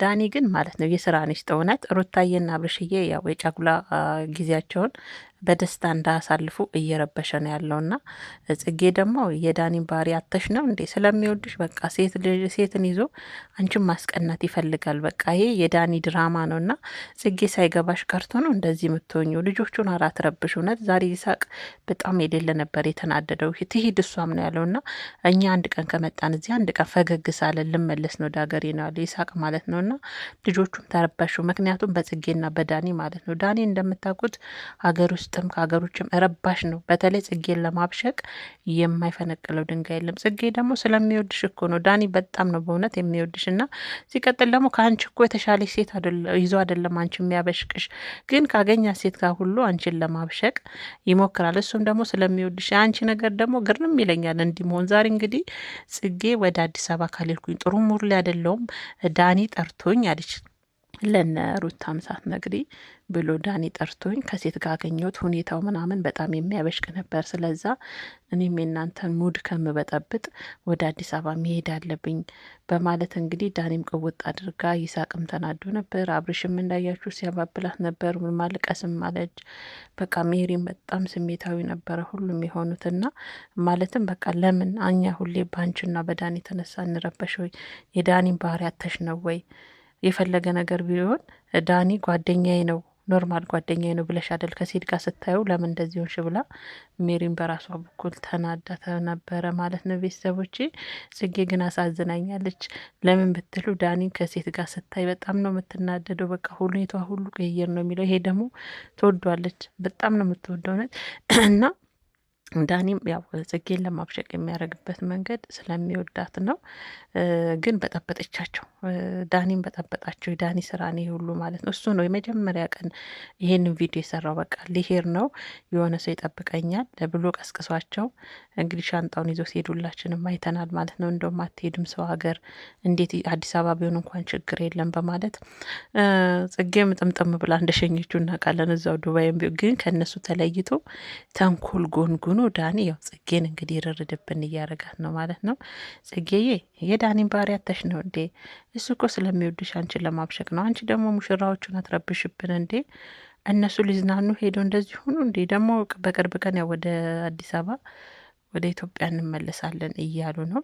ዳኒ ግን ማለት ነው የስራ ንሽጥ እውነት ሩታዬና ብርሽዬ ያው የጫጉላ ጊዜያቸውን በደስታ እንዳያሳልፉ እየረበሸ ነው ያለውና ጽጌ ደግሞ የዳኒን ባህሪ አተሽ ነው እንዴ ስለሚወዱሽ በቃ ሴት ልጅ ሴትን ይዞ አንቺን ማስቀናት ይፈልጋል። በቃ ይሄ የዳኒ ድራማ ነው እና ጽጌ ሳይገባሽ ቀርቶ ነው እንደዚህ የምትሆኙ። ልጆቹን አራት ረብሽ። እውነት ዛሬ ይሳቅ በጣም የሌለ ነበር የተናደደው። ትሂድ እሷም ነው ያለው እና እኛ አንድ ቀን ከመጣን እዚህ አንድ ቀን ፈገግ ሳለን ልመለስ ነው ዳገሬ ነው ያለው ይሳቅ ማለት ነው እና ልጆቹም ተረበሹ። ምክንያቱም በጽጌና በዳኒ ማለት ነው። ዳኒ እንደምታውቁት ሀገር ውስጥ ከግብጥም ከሀገሮችም ረባሽ ነው። በተለይ ጽጌን ለማብሸቅ የማይፈነቅለው ድንጋይ የለም። ጽጌ ደግሞ ስለሚወድሽ እኮ ነው። ዳኒ በጣም ነው በእውነት የሚወድሽ እና ሲቀጥል ደግሞ ከአንቺ እኮ የተሻለች ሴት ይዞ አይደለም አንቺ የሚያበሽቅሽ፣ ግን ካገኛ ሴት ጋር ሁሉ አንቺን ለማብሸቅ ይሞክራል። እሱም ደግሞ ስለሚወድሽ አንቺ ነገር ደግሞ ግርም ይለኛል እንዲህ ዛሬ እንግዲህ ጽጌ ወደ አዲስ አበባ ካልሄድኩኝ ጥሩ ሙር ሊያደለውም ዳኒ ጠርቶኝ አለች። ለነ ሩታ ምሳት ነግሪ ብሎ ዳኒ ጠርቶኝ ከሴት ጋር አገኘሁት። ሁኔታው ምናምን በጣም የሚያበሽቅ ነበር። ስለዛ እኔም የእናንተን ሙድ ከምበጠብጥ ወደ አዲስ አበባ መሄድ አለብኝ በማለት እንግዲህ ዳኒም ቅውጥ አድርጋ፣ ይሳቅም ተናዶ ነበር። አብርሽም እንዳያችሁ ሲያባብላት ነበር። ማልቀስም ማለች። በቃ ሜሪም በጣም ስሜታዊ ነበረ። ሁሉም የሆኑትና ማለትም በቃ ለምን እኛ ሁሌ በአንቺና በዳኒ የተነሳ እንረበሽ ወይ የዳኒም ባህሪ አተሽ ነው ወይ የፈለገ ነገር ቢሆን ዳኒ ጓደኛዬ ነው ኖርማል ጓደኛዬ ነው ብለሽ አደል ከሴት ጋር ስታዩ ለምን እንደዚህ ሆንሽ ብላ ሜሪን በራሷ በኩል ተናዳ ነበረ ማለት ነው። ቤተሰቦቼ ጽጌ ግን አሳዝናኛለች። ለምን ብትሉ ዳኒ ከሴት ጋር ስታይ በጣም ነው የምትናደደው። በቃ ሁኔቷ ሁሉ ቀየር ነው የሚለው። ይሄ ደግሞ ትወዷለች፣ በጣም ነው የምትወደው እና ዳኒም ያው ጽጌን ለማብሸቅ የሚያደርግበት መንገድ ስለሚወዳት ነው። ግን በጠበጠቻቸው፣ ዳኒም በጠበጣቸው። የዳኒ ስራ ነው ሁሉ ማለት ነው። እሱ ነው የመጀመሪያ ቀን ይሄንን ቪዲዮ የሰራው። በቃ ሊሄድ ነው የሆነ ሰው ይጠብቀኛል ብሎ ቀስቅሷቸው፣ እንግዲህ ሻንጣውን ይዞ ሲሄዱላችንም አይተናል ማለት ነው። እንደውም አትሄድም ሰው ሀገር እንዴት አዲስ አበባ ቢሆን እንኳን ችግር የለም በማለት ጽጌም ጥምጥም ብላ እንደሸኘችው እናውቃለን። እዛው ዱባይም ግን ከእነሱ ተለይቶ ተንኮል ጎንጉኖ ነው። ዳኒ ያው ጽጌን እንግዲህ ርርድብን እያደረጋት ነው ማለት ነው። ጽጌዬ የዳኒን ባህሪ ያተሽ ነው እንዴ? እሱ እኮ ስለሚወድሽ አንቺን ለማብሸቅ ነው። አንቺ ደግሞ ሙሽራዎቹን አትረብሽብን እንዴ? እነሱ ሊዝናኑ ሄደው እንደዚህ ሆኑ እንዴ? ደግሞ በቅርብ ቀን ያው ወደ አዲስ አበባ ወደ ኢትዮጵያ እንመለሳለን እያሉ ነው።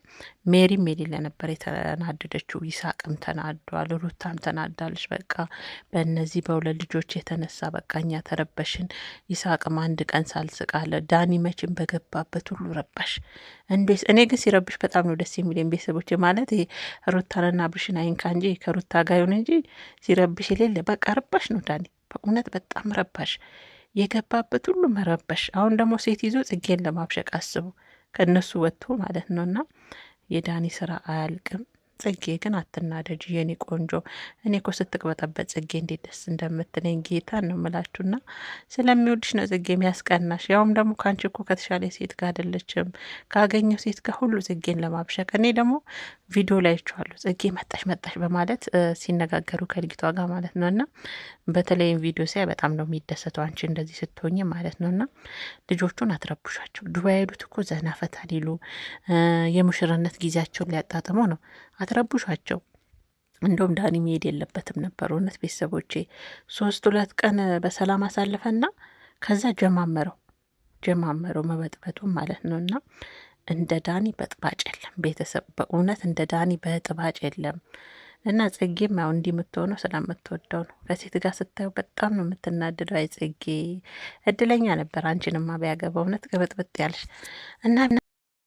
ሜሪም የሌለ ነበር የተናደደችው። ይሳቅም ተናዷል፣ ሩታም ተናዳለች። በቃ በእነዚህ በሁለት ልጆች የተነሳ በቃ እኛ ተረበሽን። ይሳቅም አንድ ቀን ሳልስቃለ ዳኒ መቼም በገባበት ሁሉ ረባሽ እንዴት እኔ ግን ሲረብሽ በጣም ነው ደስ የሚል ቤተሰቦች ማለት ይሄ ሩታንና ብርሽን አይንካ እንጂ ከሩታ ጋር ይሁን እንጂ ሲረብሽ የሌለ በቃ ረባሽ ነው ዳኒ በእውነት በጣም ረባሽ የገባበት ሁሉ መረበሽ። አሁን ደግሞ ሴት ይዞ ጽጌን ለማብሸቅ አስቡ ከእነሱ ወጥቶ ማለት ነው። እና የዳኒ ስራ አያልቅም። ጽጌ ግን አትናደጅ የኔ ቆንጆ። እኔ ኮ ስትቅበጠበት ጽጌ እንዴት ደስ እንደምትለኝ ጌታ እንምላችሁና ስለሚወድሽ ነው ጽጌ የሚያስቀናሽ። ያውም ደግሞ ከአንቺ እኮ ከተሻለ ሴት ጋር አይደለችም። ካገኘው ሴት ጋር ሁሉ ጽጌን ለማብሸቅ እኔ ደግሞ ቪዲዮ ላይ ይችዋለሁ ጽጌ መጣሽ መጣሽ በማለት ሲነጋገሩ ከልጅቷ ጋር ማለት ነው። እና በተለይም ቪዲዮ ሲያይ በጣም ነው የሚደሰተው አንቺ እንደዚህ ስትሆኝ ማለት ነው። እና ልጆቹን አትረብሻቸው። ዱባይ ሄዱት እኮ ዘና ፈታ ሊሉ የሙሽርነት ጊዜያቸውን ሊያጣጥሙ ነው። አትረብሿቸው። እንደውም ዳኒ መሄድ የለበትም ነበር። እውነት ቤተሰቦቼ ሶስት ሁለት ቀን በሰላም አሳልፈና ከዛ ጀማመረው ጀማመረው መበጥበጡ ማለት ነው። እና እንደ ዳኒ በጥባጭ የለም ቤተሰብ፣ በእውነት እንደ ዳኒ በጥባጭ የለም። እና ጽጌም ያው እንዲህ የምትሆነው ስለምትወደው ነው። ከሴት ጋር ስታየው በጣም ነው የምትናድደው። አይ ጽጌ እድለኛ ነበር አንቺንማ ቢያገባ እውነት ገበጥበጥ ያለሽ እና